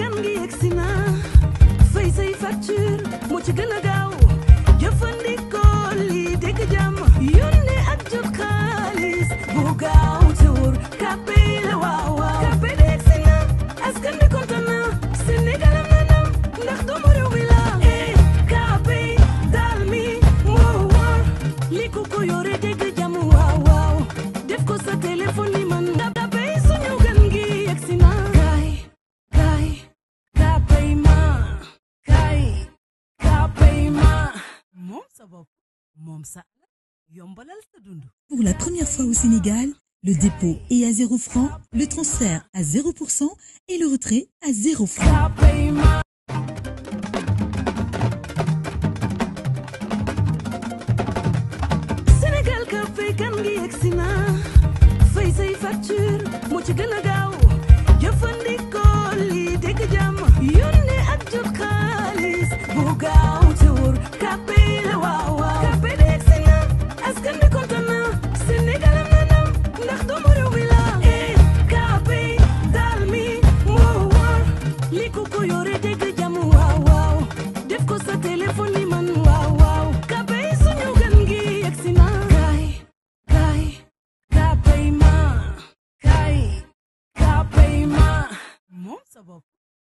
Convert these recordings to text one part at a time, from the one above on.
askan gi yegsi na fay say facture moo ci gën a gaaw jëfandikoo lii dégg jàmm yónnee ak jot xaalis bu gaaw te wóor Pour la première fois au Sénégal, le dépôt est à 0 francs, le transfert à 0% et le retrait à 0 francs.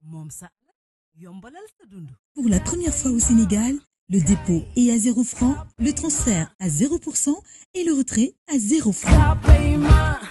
moom sa Pour la première fois au Sénégal, le dépôt est à 0 francs, le transfert à 0% et le retrait à 0 francs.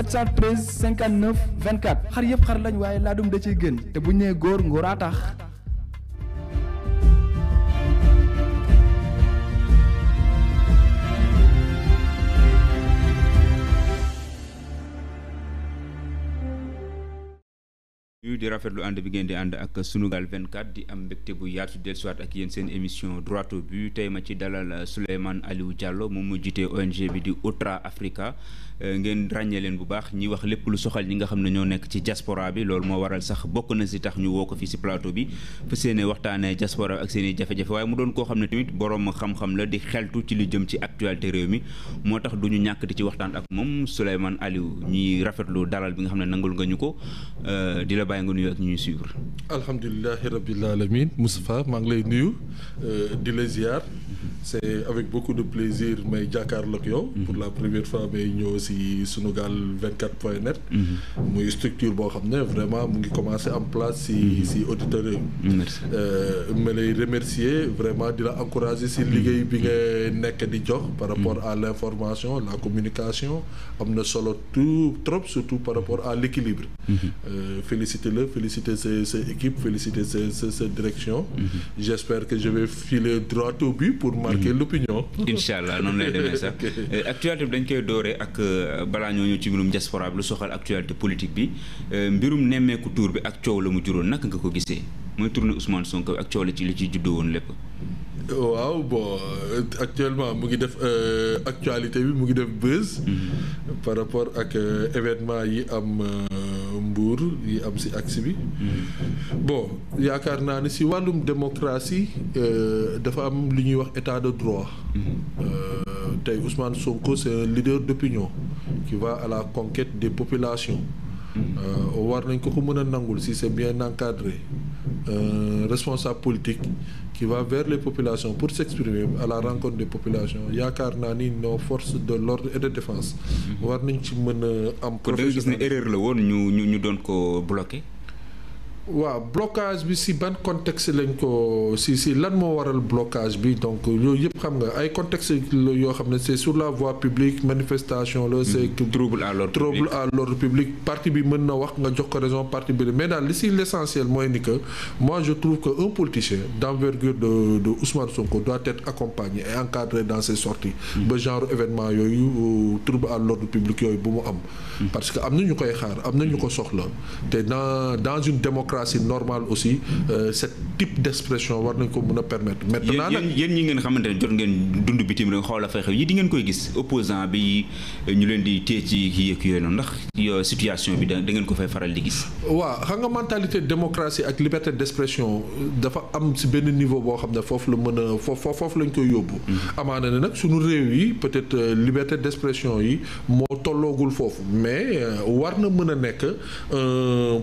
713 59 24 xar yëpp xar lañ waaye laadum da ciy te bu ñu nee góor ngóoraa tax. yu di ànd bi ngeen di ànd ak Sunugal 24 di am mbégte bu yaatu dellusiwaat ak yéen seen émission droit au but ma ci dalal Souleymane Aliou Diallo moom mu ONG bi di Otra Africa. Euh, ngeen ràññee leen bu baax ñi wax lépp lu soxal ñi nga xam ne ñoo nekk ci diaspora bi loolu moo waral sax bokk na si tax ñu woo ko fii si plateau bi fa seen waxtaanee diaspora ak seen i jafe-jafe waaye mu doon koo xam ne tamit borom xam-xam la di xeltu ci li jëm ci actualité réew mi moo tax du ñu ñàkk di ci waxtaan ak moom Souleymane Aliou ñuy rafetlu dalal bi nga xam ne nangul nga ñu ko euh, di la bàyyi nga nuyu ak ñuy suivre. alhamdulilah rabbil alamin Moustapha maa ngi lay nuyu euh, di la ziar. c'est avec beaucoup de plaisir may jàkkaarloog yow. Mhm. pour la première fois may ñëw si sunugal 24 point net. Mhm. muy structure boo xam ne vraiment mu ngi commencé am place si si mhm. auditeurs yi. merci euh, ma lay remercier vraiment di la encourager si liggéey bi nga nekk di jox. par rapport à l'information la communication am na solo tout trop surtout par rapport à l'équilibre féliciter la féliciter sa sa équipe féliciter sa sa sa direction. Mhm. j'espère que je vais filer droit au pour marquer mhm. l'opinion. incha allah noonu lay demee sax euh, actualité bi dañ koy dooree ak euh, balaa ñoo ñëw ci mbirum diaspora bi lu soxal actualité politique bi euh, mbirum nemmeeku tuur bi ak coow la mu juróon naka nga ko gisee mooy tournée Ousmane Sonko ak coow la ci li ci juddoo woon lépp. waaw bon actuellement mu ngi def actualité bi mu ngi def buzz. Mhm. par rapport ak événement yi mbuur yi am si axe bi mm-hmm. bon yaakaar naa ni si wàllum démocratie euh, dafa am lu ñuy wax état de droit mm-hmm. euh, tey Ousmane Sonko c'est un leader d'opinion qui va à la conquête des populations mm-hmm. euh, war nañ ko ko mën a nangul si c'est bien encadré responsable politique qui va vers les populations pour s'exprimer à la rencontre des populations yaakaar naa ni nos force de l'ordre et de défense mhm. war nañ ci mën a am gis ne erreur la woon ñu ñu ñu doon ko bloqué waaw blocage bi si ban contexte lañ ko si si lan moo waral blocage bi donc yooyu yëpp xam nga ay contexte yoo xam ne c' sur la voie publique manifestation la c' est hmm, trouble à l'ordre trouble à l'ordre public bi mën na wax nga jox ko raison parti bi mais daal li si le essentiel mooy ni que moi je trouve que un politicien d' envergure de de Ousmane Sonko doit être accompagné et dans ses sorties hmm. ba genre événement yooyu trouble à l'ordre publique yooyu bu mu am hmm. parce que am na koy xaar am na ko soxla démocratie normale aussi euh, ce type d'expression war nañ a permettre. maintenant nag yéen ngeen xamante ne jot ngeen dund bitim rek xool affaire yi di ngeen koy gis opposant bi ñu leen di téye ci kii yeeg yooyu noonu ndax situation bi da ngeen ko fay di gis. waaw xam nga mentalité démocratie ak liberté d'expression dafa am si benn niveau boo xam ne foofu la mën a foofu foofu lañ koy yóbbu. Mm-hmm. amaana ne nag sunu réew yi peut-être euh, liberté d'expression yi moo tolloogul foofu mais euh, war na mën a nekk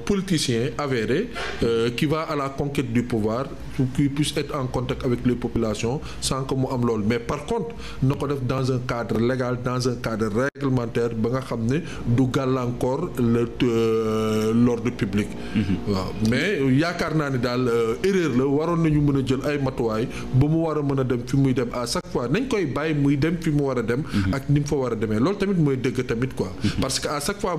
politicien avéré. sénégalais euh, qui à la conquête du pouvoir pour qu'il puisse être en contact avec les populations sans mu am lool mais par contre na ko def dans un cadre légal dans un cadre réglementaire ba nga xam ne du gàllankoor le euh, l'ordre public. Mm-hmm. waaw mm-hmm. mais yaakaar naa ne daal euh, erreur la waroon nañu mën a jël ay matuwaay ba mu war a mën a dem fi muy dem à chaque fois nañ koy bàyyi muy dem fi mu war a dem. Mm-hmm. ak ni mu fa war a demee loolu tamit mooy dëgg tamit quoi. Mm-hmm. parce que à chaque fois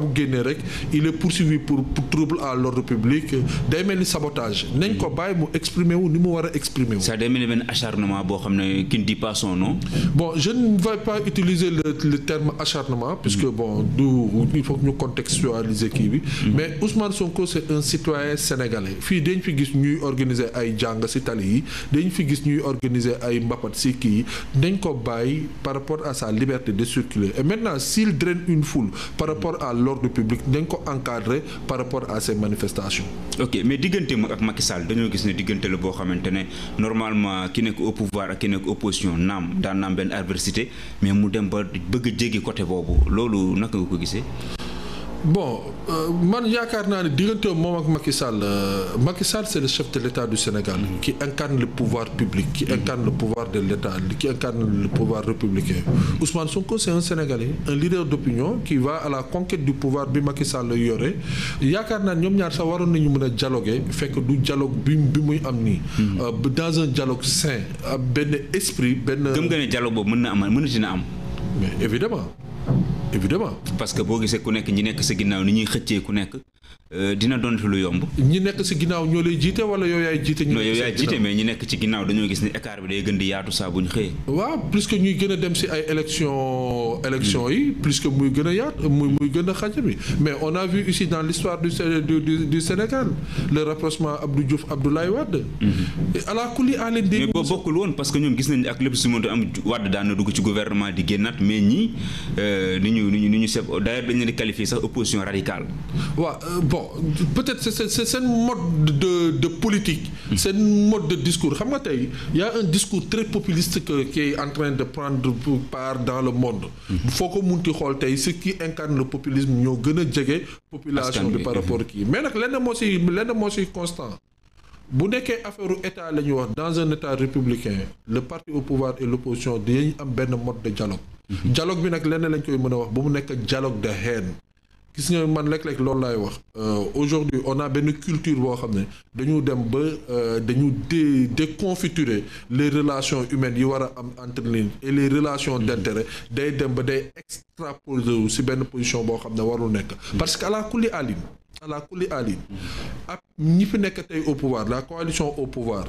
day mel ni sabotage nañ ko bàyyi mu exprimer wu ni mu war a exprimer wu. ça day mel ni benn acharnement boo xam ne qui ne dit pas son nom. bon je ne vais pas utiliser le terme acharnement. puisque mm. bon du il faut que ñu contextualiser kii bi. Mm. mais Ousmane Sonko c'est un citoyen sénégalais fii dañ fi gis ñuy organiser ay jàng ci tali yi dañ fi gis ñuy organiser ay mbapat ci kii yi dañ ko bàyyi par rapport à sa liberté de circuler et maintenant s'il draine une foule par rapport à l'ordre public dañ ko encadrer par rapport à ces ok mais diggante ak Macky dañoo gis ne diggante la boo xamante ne normalement ki nekk au pouvoir ak ki nekk opposition naam daan naam benn adversité mais mu dem ba bëgg a jéggi côté boobu loolu naka nga ko gisee. bon euh, man yaakaar naa ne diggante moom ak Macky Sall euh, Macky Sall c'est le chef de l'État du Sénégal ki mm-hmm. incarne le pouvoir public qui mm-hmm. incarne le pouvoir de l'État qui incarne le pouvoir républicain mm-hmm. Ousmane Sonko c'est un Sénégalais un leader d'opinion qui va à la conquête du pouvoir bi Macky Sall yore yaakaar naa ñoom ñaar sax waroon nañu mën a dialoguer fekk du dialogue bi bi muy am nii euh, dans un dialogue sain benn esprit benn gëm nga ne dialogue boobu mën na am mën na dina am mais évidemment parce que boo gisee ku nekk ñi nekk sa ginnaaw ni ñuy xëccee ku nekk Euh, dina doon lu yomb. ñi nekk ci ginnaaw ñoo lay jiite wala yow yaay jiite. ñu yow yaay jiite mais ñi nekk ci ginnaaw dañoo gis ni écart bi day gën di yaatu saa bu ñu xëyee. waaw plus que ñuy gën a dem si ay élection élection hmm. yi plus que muy gën a yaatu muy muy gën a xaj bi mais on a vu ici dans l'histoire du du du Sénégal le rapprochement Abdou Diouf Abdoulaye Wade. Hmm. ala kulli àll di. mais boo bokkul woon parce que ñoom gis nañ ak lépp si mënut am Wade daan dugg ci gouvernement di génnaat mais ñii euh, ni ñu ni ñu ni ñu seb d'ailleurs dañu leen di qualifier sax opposition bon peut-être c'est c'est seen mode de de politique. Hmm. seen mode de discours xam nga tey y a un discours très populiste que qui est en train de prendre part dans le monde. Hmm. foo ko mun munti xool tey ce qui incarne le populisme ñoo gën a jege. population bi par rapport kii mais nag lenn moo si lenn moo si constant. bu nekkee affaire état la ñuy wax dans un état républicain le parti au pouvoir et l'opposition dañuy am benn mode de dialogue. Hmm. dialogue bi nag lenn lañ koy mën a wax ba mu nekk dialogue de haine. gis nga man léeg-léeg loolu laay wax euh, aujourd'hui on a benn culture boo xam ne dañu dem ba euh, dañu dé déconfiturer les relations humaines yi war a am entre lignes et les relations d'intérêt day dem ba day extraposer wu si benn position boo xam ne warul nekk parce que à la kulli alim àla kulli alin ak ñi fi nekk tey au pouvoir la coalition au pouvoir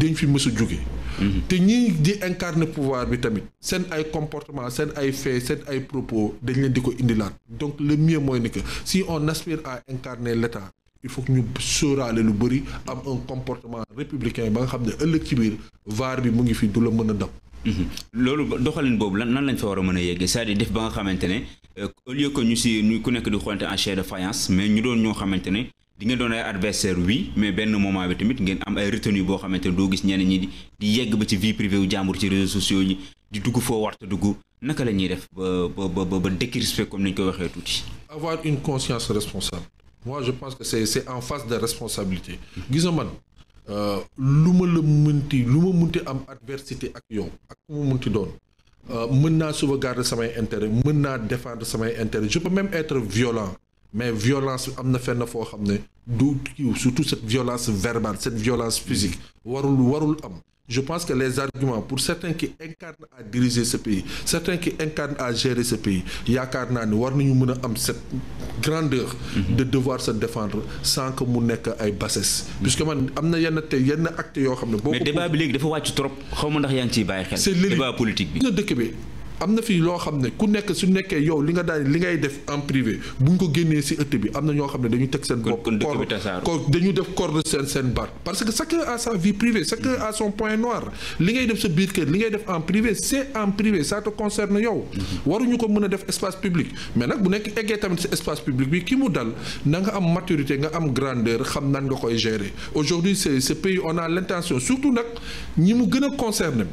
dañ fi mës a jóge mhm. te ñi di incarne pouvoir bi tamit seen ay comportement seen ay fait seen ay propos dañ leen di ko indilaat donc le mieux mooy ni si on aspire à incarner l'État il faut que ñu sóoraale lu bëri am un comportement républicain ba nga xam ne ëllëg ci biir vaar bi mu ngi fi du la mën a dab Mhm. loolu doxalin boobu lan nan lañ fa war a mën a yeggee cest à def ba nga xamante ne euh, au lieu que ñu si ku nekk di xoolante en chair de faïence mais ñu doon ñoo xamante ne di ngeen doon ay adversaire oui mais benn moment bi tamit ngeen am ay retenue boo xamante ne doo gis ñeneen ñi di yegg ba ci vie privée wu jàmbur ci réseaux sociaux yi di dugg foo warta dugg naka la ñuy def ba ba ba ba décrisper comme ni ñu koy waxee tuuti. avoir une conscience responsable. moi je pense que c'est c'est en face de responsabilité. Euh, lu ma la mënti lu ma mënti am adversité ak yow ak mu ma mënti doon euh, mën naa sauvegarder samay intérêt mën naa défendre samay intérêt je peux même être violent mais violence am na fenn foo xam ne du kiw surtout cette violence verbale cette violence physique warul warul am Je pense que les arguments pour certains qui incarnent à diriger ce pays, certains qui incarnent à gérer ce pays, yaakaar naa ni war nañu mën a am cette grandeur. Mhm. de devoir se défendre sans que mu nekk ay bassesse. puisque man am na yenn te yenn actes yoo xam ne. boo ko mais débat bi léegi dafa wàcc trop xaw ma ndax yaa ngi ciy bàyyi xel. c'est débat politique bi. dëkk bi. am na fii loo xam ne ku nekk su nekkee yow li nga daal li ngay def en privé bu ñu ko génnee si ëtt bi am na ñoo xam ne dañu teg seen bopp corps dañu def corps de seen seen baat parce que chacun a sa vie privée chacun a son point noir li ngay def sa biir kër li ngay def en privé c'est en privé ça te concerne yow waruñu ko mën a def espace public mais nag bu nekk eggee tamit si espace public bi ki mu dal na nga am maturité nga am grandeur xam nan nga koy gérer aujourd'hui c'est on a l'intention surtout nag ñi mu gën a concerné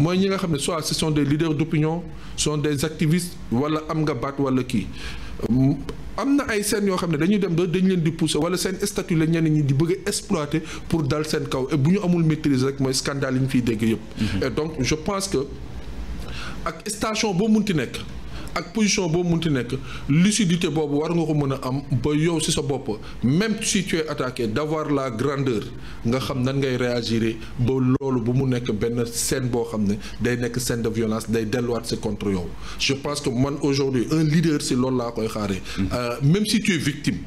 mooy ñi nga xam ne soit ce sont des leaders d'opinion sont des activistes wala am nga baat wala kii am na ay seen yoo xam ne dañuy dem ba dañ leen di pousser wala seen statut la ñenn di bëgg a pour dal seen kaw et bu ñu amul maitrise rek mooy scandale yi ñu fiy dégg yëpp. Mhm. et donc je pense que ak station boo munti nekk. ak position boo munti nekk lucidité boobu war nga ko mën a am ba yow ci sa bopp même si tu es attaqué d'avoir la grandeur nga xam nan ngay réagir ba loolu bu mu nekk benn scène boo xam ne day nekk seen de violence day delluwaat ci contre yow je pense que man aujourd'hui un leader ci loolu laa koy xaaree mm. euh, même si victime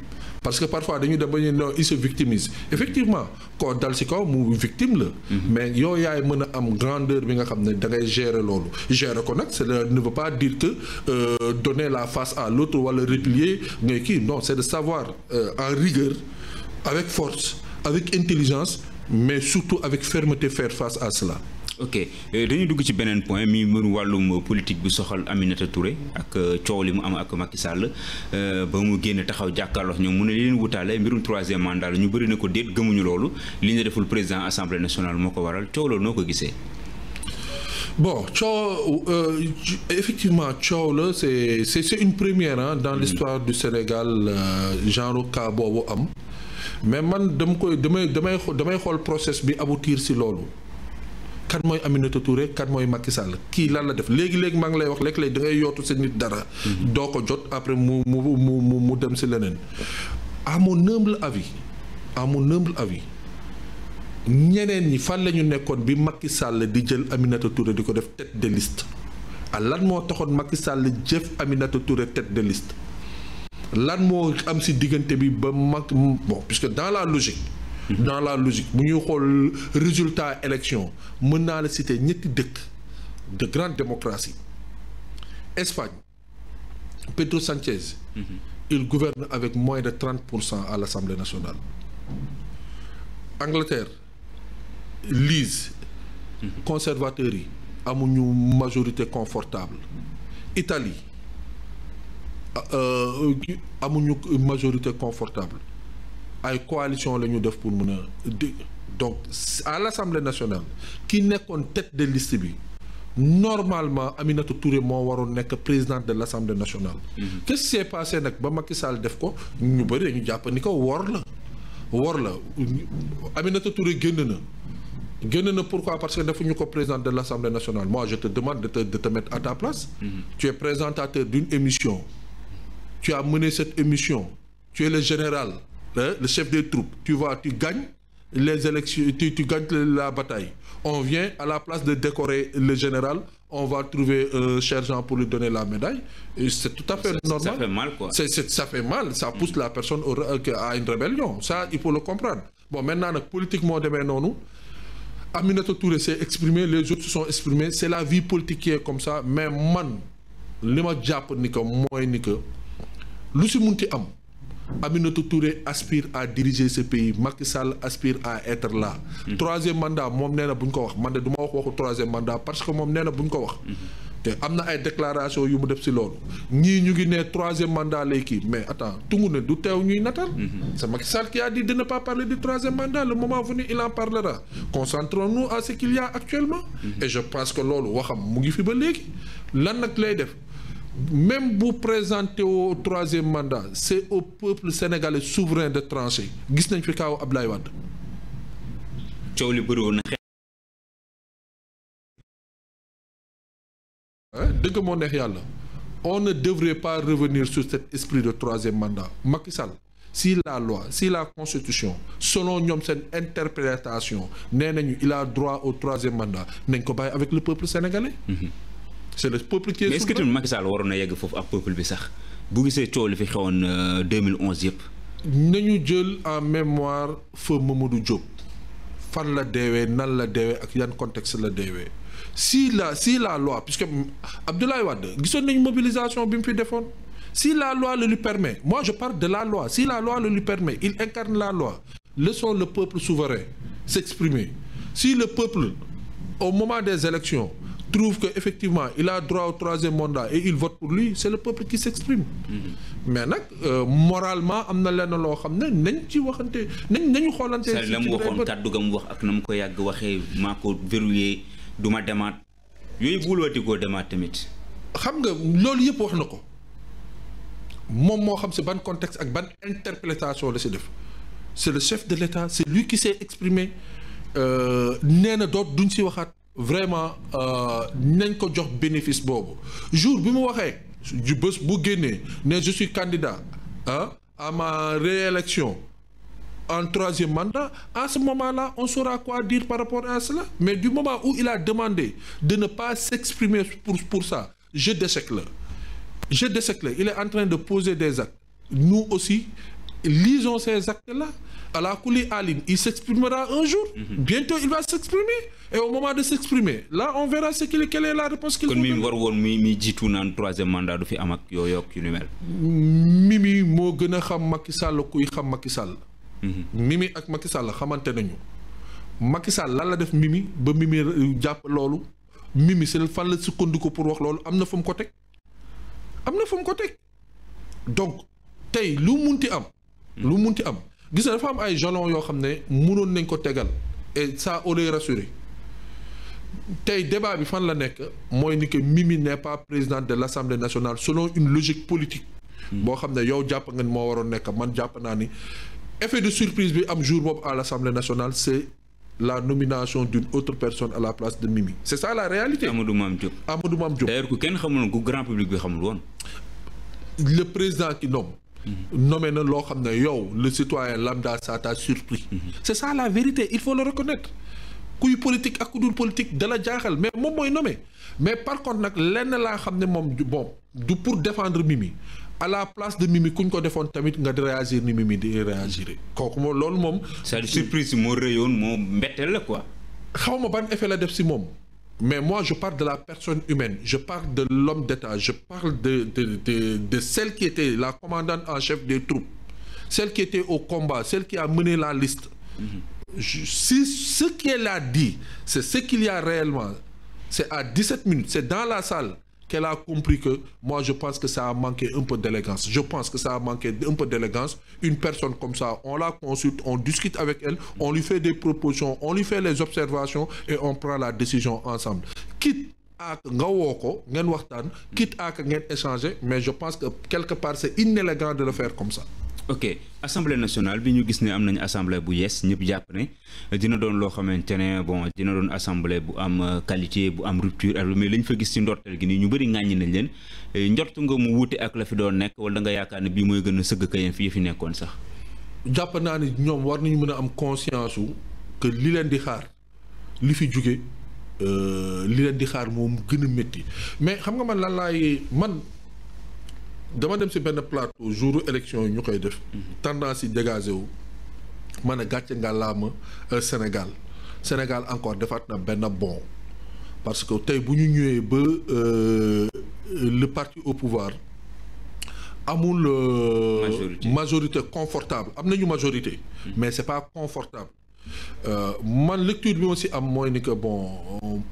parce que parfois dañu dem ba ñu non il se victimise effectivement koo dal si kaw mu victime la. Mhm. mais yow yaay mën a am grandeur bi nga xam ne dangay ngay gérer loolu gérer ko nag cela ne veut pas dire que euh, donner la face à l'autre wala replier ngay kii non c'est de savoir euh, en rigueur avec force avec intelligence mais surtout avec fermeté faire face à cela. ok eh, dañuy dugg ci beneen point mi mën wàllum politique bi soxal Aminata Touré ak eh, coow li mu am ak Macky Sall eh, ba mu génn taxaw jàkkaarloo ñoom mu ne leen wutaale mbirum troisième mandat la ñu bëri na ko déet gëmuñu loolu li ñu deful président assemblée nationale moo ko waral coow loolu noo ko gisee. bon coow euh, effectivement coow la c'est une première hein, dans mm. l'histoire du Sénégal euh, genre cas boobu am mais man dama koy damay damay damay xool process bi aboutir si loolu. kan mooy Aminata Touré kat mooy makki Sall kii lan la def léegi léegi maa ngi lay wax léeg-léeg da ngay yootu sa nit dara. Mhm. doo ko jot après mu mu mu mu mu dem si leneen. à mon humble avis à mon humble avis ñeneen ñi fan la nekkoon bi Macky sàll di jël Aminata toure di ko def tête de liste. ah lan moo taxoon Macky sàll jëf Aminata Touré tête de liste. lan moo am si diggante bi ba mag bon puisque dans la logique. Mhm. dans la logique bu ñuy xool résultat élection mën naa la citer ñetti dëkk de grande démocratie Espagne Pedro Sánchez mm -hmm. il gouverne avec moins de trente pour cent à l'Assemblée nationale Angleterre Leeds mm conservateurs yi amuñu majorité confortable Italie euh, amuñu majorité confortable ay coalition la ñu def pour mun a donc à l'Assemblée nationale ki nekkoon tête de liste bi normalement Aminata Touré moo waroon nekk présidente de l'Assemblée nationale. Mm-hmm. qu'est-ce qui nag ba Macky Sall def ko ñu bëri ñu jàpp ni ko wor la. wor la Aminata Touré génn na génn na pourquoi parce que defuñu ko présidente de l'Assemblée nationale moi je te demande de te de te mettre à ta place. Mm-hmm. tu es présentateur d'une émission. tu as mené cette émission. tu es le général. le chef des troupes tu vois tu gagnes les élections tu, tu gagnes la bataille on vient à la place de décorer le général on va trouver euh, sergent pour lui donner la médaille c'est tout à fait normal c'est ça fait mal ça pousse la personne au, euh, à une rébellion ça il faut le comprendre bon maintenant nag politique moo demee noonu Aminata Touré s'est exprimé les autres se sont exprimés c'est la vie politique qui est comme ça mais man li ma jàpp ni que lu si munti am Aminata Touré aspire à diriger ce pays Macky Sall aspire à être mm-hmm. troisième mandat moom nee buñ ko wax man de du ma wax waxu troisième mandat parce que moom nee na bu ñu ko wax. Mm-hmm. te am na ay déclaration yu mu def si loolu ñii ñu ngi ne troisième mandat lay kii mais attends tungu ne du teew ñuy natal. Mm-hmm. sa Macky Sall qui a dit de ne pas parler du troisième mandat le moment venu il en parlera concentrons-nous à ce qu'il a actuellement. et je pense que loolu waxam mu ngi fi ba léegi lan nag lay def. même bu présenté au troisième mandat c'est au peuple de trancher gis nañ fi kaaw Abdoulaye Wade. coow li bëri neex yàlla on ne devrait pas revenir sur cet esprit de troisième mandat Macky Sall si la loi si la constitution selon ñoom seen interprétation nee nañu il a droit au troisième mandat nañ ko bàyyi avec le peuple sénégalais. Mm-hmm. c'est le peuple qui est mais est-ce que tamit Macky Sall waroon na yegg foofu ak peuple bi sax bu gisee coow li fi xewoon 2011 euh, yëpp. nañu jël en mémoire feu Mamadou jóg fan la deewee nan la deewee ak yan contexte la deewee si la si la loi puisque Abdoulaye Wade gisoon nañu mobilisation bi mu fi defoon si la loi le lui permet moi je parle de la loi si la loi le lui permet il incarne la loi laissons le peuple souverain s'exprimer si le peuple au moment des élections trouve que effectivement il a droit au troisième mandat et il vote pour lui c'est le peuple qui s'exprime mm-hmm. mais nag euh, moralement am na lenn loo xam ne nañ ci waxante nañ nañu xoolante ci la mu waxoon mu wax ak na mu ko yàgg waxee maa ko verrouillé du ma demaat yooyu bul watikoo demaat tamit xam nga loolu yëpp wax na ko moom moo xam si ban contexte ak ban interprétation la si def c'est le chef de l'État c'est lui qui s'est exprimé euh, nee na doot duñ si waxaat vraiment euh, nañ ko jox bénéfice boobu jour bi mu waxee ju bés bu génnee ne je suis candidat à ma réélection en troisième mandat à ce moment-là on saura quoi dire par rapport à cela mais du moment où il a demandé de ne pas s'exprimer pour pour ça jeu d'échec là jeu d'échec là il est en train de poser des actes nous aussi lisons ces actes-là ala kulli alim il s'exprimera un jour. Mhm. bientôt il va s'exprimer et au de s'exprimer là on verra ce qu'il la réponse qu'il kon mi war woon mi mi jiitu naan troisième mandat du fi am ak yooyu ak yu ni mel. Mimi moo gën a xam Macky Sall kuy xam Macky Sall. Mhm. Mimi ak Macky Sall xamante nañu. Macky Sall lan la def Mimi ba mii euh, jàpp loolu Mimi seen fan la sukkandiku pour wax loolu am na fu mu ko teg am na fu mu ko teg donc tey lu munti am. lu munti am. gis na dafa am ay jalons yoo xam ne mënoon nañ ko tegal et ça aurait rassuré tey débat bi fan la nekk mooy ni que Mimi n'est pas présidente de l'Assemblée nationale selon une logique politique. boo xam ne yow jàpp nga ni moo waroon nekk man jàpp naa ni effet de surprise bi am jour boobu à l'Assemblée nationale c'est la nomination d'une autre personne à la place de Mimi. c'est ça la réalité. Amadou Mame Diop Amadou Mame Diop. d'ailleurs ku kenn xamul ku ko public bi xamul woon. président qui nomme. nommé na loo xam ne yow le citoyen lambda ça t'a surpris mm-hmm. c'est ça la vérité il faut le reconnaître kuy politique ak ku dul politique dala jaaxal mais moom mooy nome mais par contre nag lenn laa xam ne moom bon du pour défendre Mimi à la place de Mimi ku ñu ko defoon tamit nga di réagir ni Mimi di réagir kooku moom loolu moom. c'est surprise moo rëyoon moo mbetteel la ko xaw ma ban effet la def si moom. mais moi je parle de la personne humaine je parle de l'homme d'État je parle de de de la commandante en chef des troupes celle qui au combat celle qui la liste mm -hmm. je, si ce qu'elle a dit c'est ce qu'il y a la salle qu'elle a compris que moi je pense que ça a manqué un peu d'élégance. Je pense que ça a manqué un peu d'élégance. Une personne comme ça, on la consulte, on discute avec elle, on lui fait des propositions, on lui fait les observations et on prend la décision ensemble. Quitte ak nga woo ko ngeen waxtaan quitte ak ngeen échanger mais je pense que quelque part c'est inélégant de le faire comme ça ok assemblée nationale bi ñu gis ne am nañu assemblée bu yees ñëpp jàpp ne dina doon loo xamante ne bon dina doon assemblée bu am euh, qualité bu am rupture ak lu mais lañ fa gis ci ndorteel gi nii ñu bëri ŋàññi nañ leen eh, njort nga mu wuute ak la fi doon nekk wala da nga yaakaar ne bi mooy gën a sëgg kayam fi fi nekkoon sax. jàpp naa ne ñoom war nañu mën a am conscience wu que li leen di xaar li fi jóge euh, li leen di xaar moom gën a métti mais xam nga man lan man. dama dem si benn plateau jour élection yi ñu koy def mhm. tendance yi dégagé wu ma ne gàcce nga laama euh, Sénégal Sénégal encore defaat na benn bon parce que tey bu ñu ñëwee ba euh, le parti au pouvoir amul euh, majorité. majorité confortable am na ñu majorité mhm. mais c'est pas confortable man lecture bi ma si am mooy ni que bon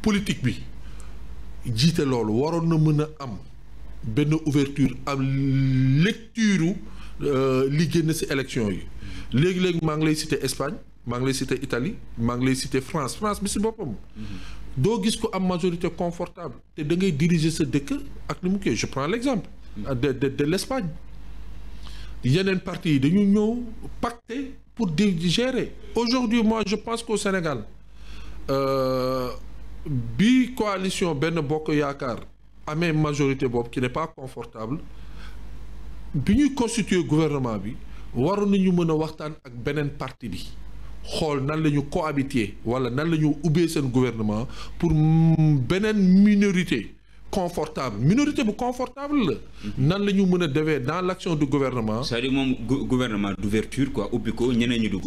politique bi jiite loolu waroon na mën a am benn ouverture am lecture euh, liggéen génn si élection yi léegi-léegi maa ngi lay citer Espagne maa ngi lay citer Italie maa ngi lay citer France France bi ci boppam mm-hmm. doo gis ko am majorité confortable te da ngay diriger sa dëkk ak ni mu koy je prends l'exemple mm-hmm. de de de l'Espagne yeneen partie yi dañu ñëw pacter pour digérer aujourd'hui moi je pense qu'au Sénégal euh, bi coalition benn Bokk Yaakaar amee majorité boobu ci n'est pas confortable bi ñuy constituer gouvernement bi waroon nañu mën a waxtaan ak beneen parti bi xool nan la ñu cohabiter wala nan la ñu ubbee seen gouvernement pour beneen minorité confortable minorité bu confortable la. Mm-hmm. nan la ñu mën a defee dans l' action du gouvernement. c'est-à-dire moom gouvernement d' ouverture quoi ubbi ko ñeneen ñu dugg.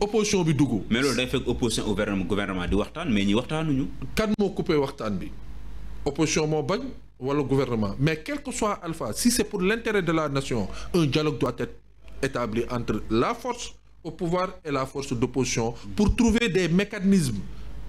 opposition bi dugg. mais loolu day fekk opposition gouvernement di waxtaan mais ñi waxtaanuñu. kan moo coupé waxtaan bi. opposition moo bañ wala gouvernement mais quel que soit alpha si c'est pour l'intérêt de la nation un dialogue doit être établi entre la force au pouvoir et la force d'opposition pour trouver des mécanismes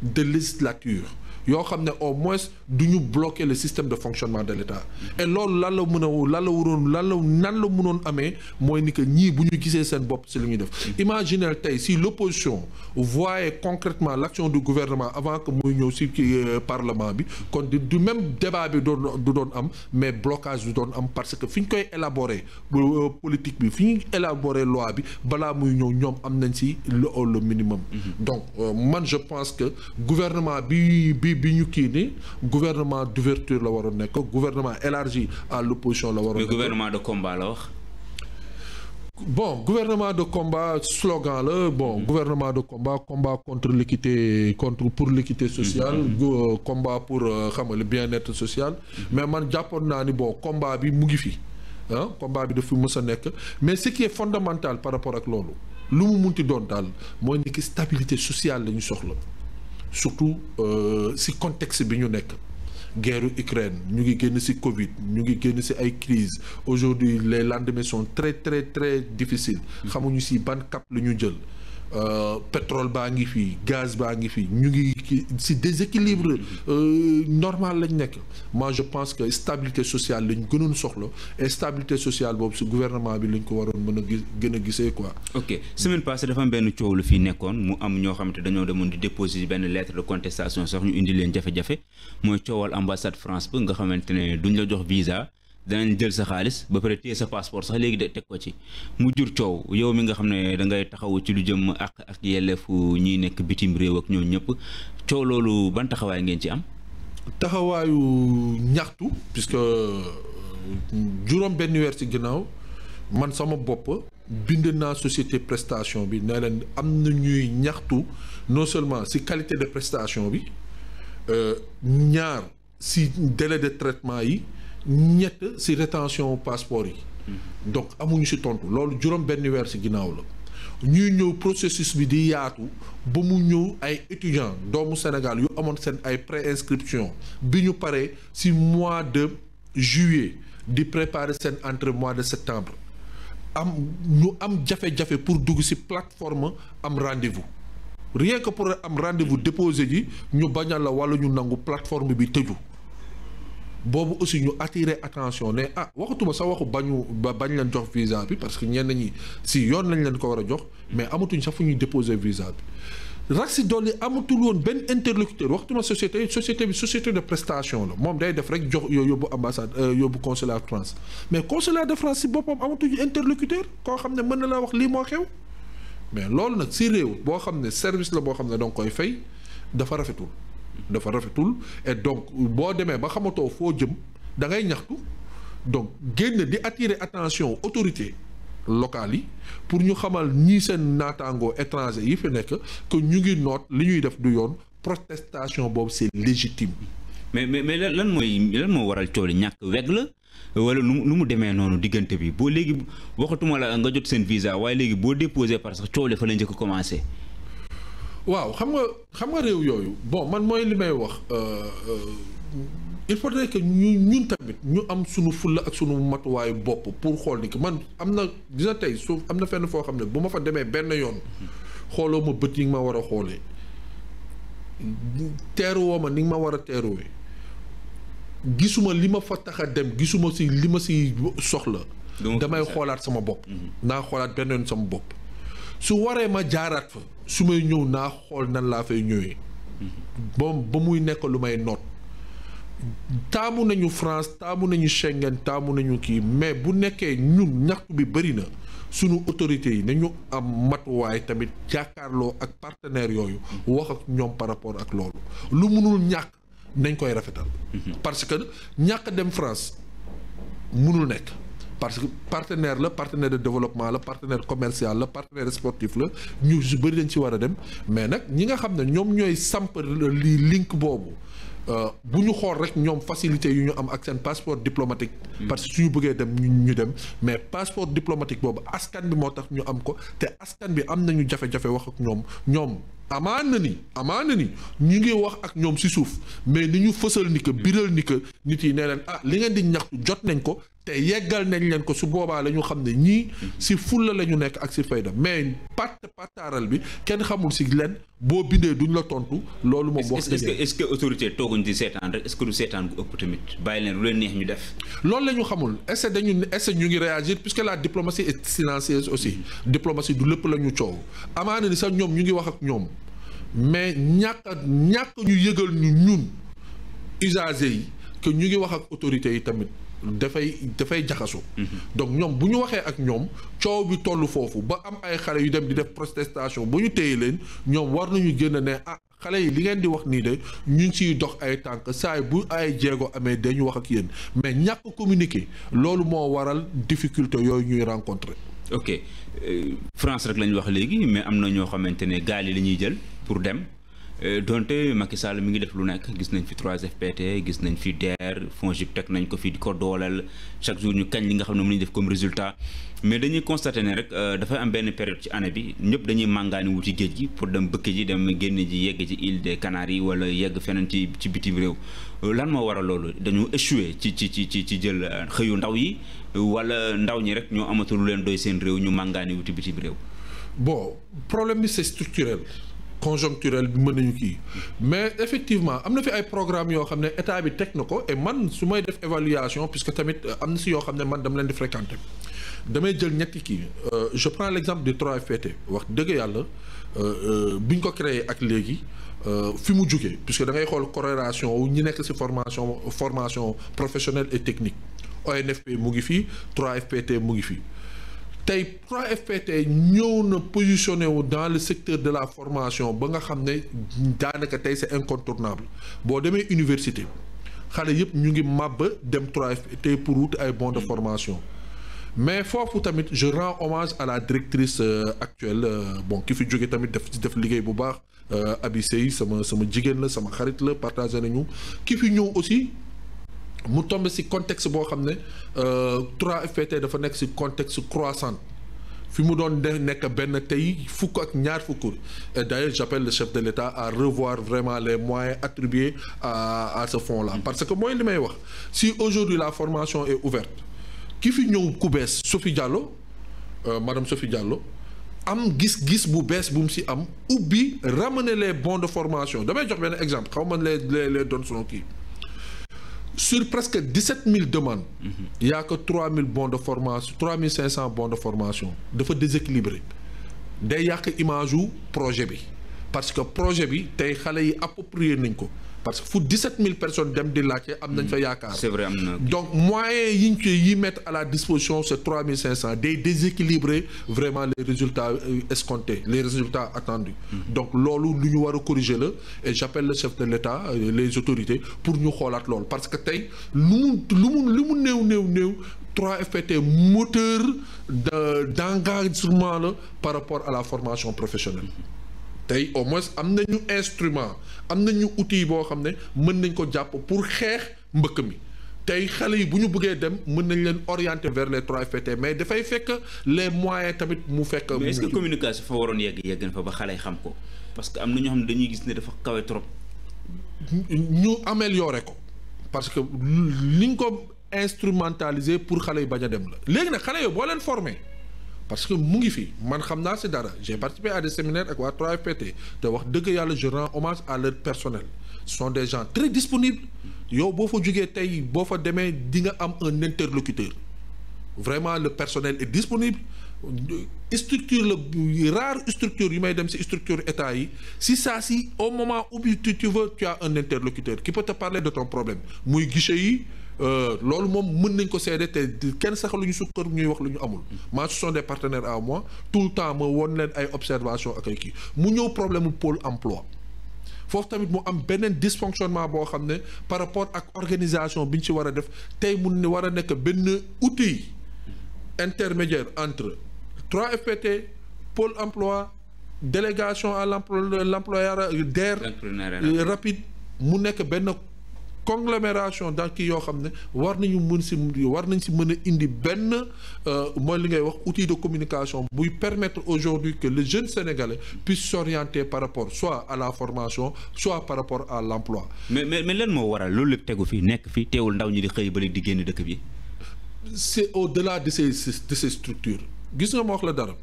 de législature yoo xam ne au moins du ñu bloquer le système de fonctionnement de l'État et loolu lan la mën a lan la waroon lan la nan la mënoon amee mooy ni que ñii bu ñu gisee seen bopp si li ñuy def imaginez tey si l'opposition voyait concrètement l'action du gouvernement avant que muy ñëw si euh, parlement bi kon du même débat bi doon du doon am mais blocage du doon am parce que fi ñu koy élaborer euh, politique bi fi ñu élaborer loi bi balaa muy ñëw ñoom am nañ si le le minimum mm-hmm. donc euh, man je pense kii bi ñu kii ni gouvernement d'ouverture la waroon nekk gouvernement élargi à l'opposition la waroon nekk gouvernement de combat la bon gouvernement de combat slogan la bon mm-hmm. gouvernement de combat combat contre l'équité contre pour l'équité sociale mmh. go, euh, combat pour euh, xam nga le bien-être social mm-hmm. mais man jàppoon naa ni boo combat bi mu ngi fi ah combat bi dafa mës a nekk mais ce qui est fondamental par rapport ak loolu lu mu munti doon daal mooy ni ki stabilité sociale la ñu soxla surtout euh, si contexte bi ñu nekk guerre Ukraine ñu ngi génn ci Covid ñu ngi génn ci ay crise aujourd'hui les lendemains sont très très très difficiles mm-hmm. xamuñu ci ban cap la ñu jël Euh, pétrole baa ngi fii gaz baa ngi fii ñu ngi ci déséquilibre euh, normal lañ nekk moi je pense que stabilité sociale lañ gënoon soxla et stabilité sociale boobu ci gouvernement bi lañ ko waroon mën a gis gën a gisee quoi. ok semaine passée dafa am benn coow lu fi nekkoon mu am ñoo xamante dañoo demoon di déposer benn lettre de contestation sax ñu indi leen jafe-jafe mooy coowal ambassade France ba nga xamante ne duñ la jox visa. danañ jël sa xaalis ba pare téye sa passeport sax léegi de teg ko ci mu jur coow yow mi nga xam ne da ngay taxaw ci lu jëm ak ak yelleefu ñiy nekk bitim réew ak ñoom ñëpp coow loolu ban taxawaay ngeen ci am. taxawaayu ñaxtu puisque juróom benn weer ci ginnaaw man sama bopp bind naa société prestation bi ne leen am na ñuy ñaxtu non seulement ci qualité de prestation bi euh, ñaar ci délai de traitement yi. ñett si rétention passeport yi donc amuñu si tontu loolu juróom benn weer si ginnaaw la ñuy ñëw processus bi di yaatu ba mu ñëw ay étudiants doomu Sénégal yu amoon seen ay pré-inscription bi ñu paree si mois de juillet di préparer seen entre mois de septembre am ñu am jafe-jafe pour dugg si plateforme am rendez-vous rien que pour am rendez-vous déposé ji ñu bañal la wala ñu nangu plateforme bi tëju boobu aussi ñu attirer attention ne ah waxatuma sa waxu bañu ba bañ leen jox visa bi parce que ñenn ñi si yoon lañ leen ko war a jox mais amatuñ sax fu ñuy déposer visa bi rax si dolli amatul woon benn interlocuteur waxatuma société société bi société de prestation la moom day def rek jox yooyu yóbbu ambassade euh, yóbbu consulat de France mais consulat de France si boppam amatuñu interlocuteur koo xam ne mën na la wax lii moo xew mais loolu nag si réew boo xam ne service la boo xam ne danga koy fay dafa rafetul dafa rafetul et donc boo demee ba xamatoo foo jëm da ngay ñaxtu donc génn di attirer attention autorité locales yi pour ñu xamal ñii seen naataangoo étranger yi fi nekk que ñu ngi noot li ñuy def du yoon protestation boobu c'est légitime. mais mais mais lan mooy lan moo waral coow ñàkk weg la wala lu mu nu mu demee noonu diggante bi boo léegi waxatuma la nga jot seen visa waaye léegi boo déposé par sax coow li fa la jëkk commencé. waaw xam nga xam nga réew yooyu bon man mooy li may wax euh, euh, il faudrait que ñu ñun tamit ñu am sunu fulla ak sunu matuwaayu bopp pour xool ni que man am na dina tey suuf am na fenn foo xam ne bu ma fa demee benn yoon xooloo ma bët yi nga ma war a xoolee teeruwoo ma ni nga ma war a teeruwee gisuma li ma fa tax a dem gisuma si li ma si soxla damay xoolaat sama bopp mm-hmm. naa xoolaat benn yoon sama bopp su waree ma jaaraat fa su may ñëw naa xool nan laa fay ñëwee moom ba muy nekk lu may noot taamu nañu France taamu nañu Schengen taamu nañu kii mais bu nekkee ñu ñaxtu bi bëri na suñu autorités yi nañu am matuwaay tamit jàkkaarloo ak partenaires yooyu wax ak ñoom par rapport ak loolu lu mënul ñàkk nañ koy rafetal mm-hmm. parce que ñàkk dem France mënul nekk parce que partenaire la partenaire de développement la partenaire commercial la partenaire sportif la ñu bëri dañ ci war a dem mais nag ñi nga xam ne ñoom ñooy samp lii link boobu euh, bu ñu xool rek ñoom facilité yu ñu am ak seen passeport diplomatique. Hmm. parce que suñu bëggee dem ñu dem mais passeport diplomatique boobu askan bi moo tax ñu am ko te askan bi am nañu jafe-jafe wax ak ñoom ñoom. amaan na ni amaan na ni ñu ngi wax ak ñoom ci suuf mais ni ñu fësal ni que biral ni nit yi nee leen ah li ngeen di ñaxtu jot nañ ko te yeggal nañ leen ko su boobaa la ñu xam ne ñii si fulla la ñu nekk ak si fayda mais part partaaral bi kenn xamul si leen boo bindee duñu la tontu loolu moom wax dëgg est-ce que autorité tooguñ di seetaan rek est-ce que du seetaan bàyyi leen leen neex ñu def loolu la ñu xamul est-ce dañu est ñu ngi réagir puisque la diplomatie est silencieuse aussi mm-hmm. diplomatie du lépp la ñu coow amaana ni sax ñoom ñu ngi wax ak ñoom mais ñàkk a ñàkk ñu yëgal ñu ñun usagers yi que ñu ngi wax ak autorités yi tamit dafay dafay jaxaso donc ñoom bu ñu waxee ak ñoom coow bi toll foofu ba am ay xale yu dem di def protestation bu ñu téye leen ñoom war nañu gën a ne ah xale yi li ngeen di wax nii de ñu siy dox ay tànk saay bu ay jéego amee dañu wax ak yéen mais ñàkk communiquer loolu moo waral difficulté yooyu ñuy rencontrer. ok euh, France rek la ñu wax léegi mais am na ñoo xamante ne gaal yi la ñuy jël pour dem. Euh, donte Macky Sall mi ngi def lu nekk gis nañ fi trois fpt gis nañ fi DER FONGIP teg nañ ko fi di ko dooleel chaque jour ñu kañ li nga xam ne mën nañu def comme résultat mais dañuy constater ne rek euh, dafay am benn période ci année bi ñëpp dañuy màngaani wuti géej gi pour dem bëkk ji dem génne ji yegg ci île des Canaries wala yegg feneen ci ci bitim réew euh, lan moo waral loolu dañu échoué ci ci ci ci ci jël xëyu ndaw yi wala ndaw ñi rek ñoo amatulu leen doy seen réew ñu màngaani wuti bitim réew. bon problème bi c'est structurel. conjoncturel bi mën nañu kii mais effectivement am na fi ay programme yoo xam ne état bi teg na ko et man su may def évaluation puisque tamit euh, am na si yoo xam ne man dama leen di fréquenter damay jël ñetti kii euh, je prends l'exemple du trois fpt wax dëgg yàlla euh, bi ñu ko créé ak léegi fi mu jugee puisque da xool corrélation wu ñi nekk si formation formation professionnelle et technique ONFP mu ngi fii 3FPT mu ngi fii tey 3FPT ñëw na positionné wu dans le secteur de la formation ba nga xam ne daanaka tey c'est incontournable boo demee université xale yëpp ñu ngi màbb dem 3FPT pour wut ay bons de mm. formation mais foofu tamit je rends hommage à la directrice euh, actuelle euh, bon ki fi jóge tamit def def liggéey bu baax euh, Abi Sey sama sama jigéen la sama xarit la partagé nañu ki fi ñëw aussi mu tombe ci contexte boo xam ne 3FPT euh, dafa nekk ci contexte croissant fi mu doon nekk benn tey fukk ak ñaar fukk et d'ailleurs j'appelle le chef de l'État à revoir vraiment les moyens attribués à à ce fonds-là mm-hmm. parce que mooy li may wax si aujourd'hui la formation est ouverte ki fi ñëw ku bees Sophie Diallo euh, madame Sophie Diallo am gis-gis bu bees bu mu si am ubbi ramener les bons de formation damay jox benn exemple xaw ma les les les donne sunu kii sur presque dix-sept mille demandes. il y a que trois mille bons de formation trois mille cinq cent bons de formation dafa déséquilibré day yàq image u projet bi parce que projet bi tey xale yi approprié nañ ko. parce que fu 17000 personnes dem di laajte am nañ fa mm. yaakaar. c'est vrai am na donc moyens yi ñu ciy yi mettre à la disposition c'est 3500 day déséquilibrer vraiment les résultats euh, escomptés les résultats attendus. Mm. donc loolu lu ñu war a corriger la et j'appelle le chef de l'État euh, les autorités pour ñu xoolaat loolu parce que tey lu mu lu mu lu mu néew néew néew. 3FPT moteur d'engagement la par rapport à la formation professionnelle. tey au moins am nañu instrument am ñu outil boo xam ne mën nañ ko jàpp pour xeex mbëkk mi tey xale yi bu ñu bëggee dem mën nañ leen orienter vers les 3FPT mais dafay fekk les moyens tamit mu fekk. mais est-ce que communication fa waroon yegg yegg na fa ba xale yi xam ko parce que am na ñoo xam ne dañuy gis ne dafa kawe trop. ñu améliorer ko parce que liñ ko instrumentaliser pour xale yi bañ a dem la léegi nag xale yooyu boo leen former. parce que mu ngi fi man xam naa si dara j'ai participé à des séminaires ak waa 3FPT te wax dëgg yàlla je rends hommage à leur personnel ce sont des gens très disponibles yow boo fa jógee tey boo fa demee di nga am un interlocuteur vraiment le personnel est disponible structure la rare structure yi may dem ci structure état yi si saa si au moment où tu veux tu as un interlocuteur qui peut te parler de ton problème muy guichet yi Euh, loolu moom mën nañ ko seede te kenn sax lu ñu sukkër ñuy wax lu ñu amul maa mm-hmm. ce sont des partenaires à tout le temps moo woon leen ay observation ak ay kii mu ñëw problème pôle emploi foofu tamit mu am beneen dysfonctionnement boo xam ne par rapport ak organisation bi ñu ci war a def tey mun ne war a nekk benn outil intermédiaire entre 3FPT pôle emploi délégation à l'emploi l'employeur DER euh, e euh, rapide mu nekk benn conglomération daal kii yoo xam ne war nañu mën si war nañ si mën a indi benn euh, mooy li ngay wax outil de communication buy permettre aujourd'hui que le jeune sénégalais puisse s'orienter par rapport soit à la formation soit par rapport à l'emploi mais mais mais leen moo waral loolu lépp tegu fi nekk fii teewul ndaw ñi di xëy ba di génn dëkk bi c'est au-delà de ces de ces structures gis nga ma wax la dara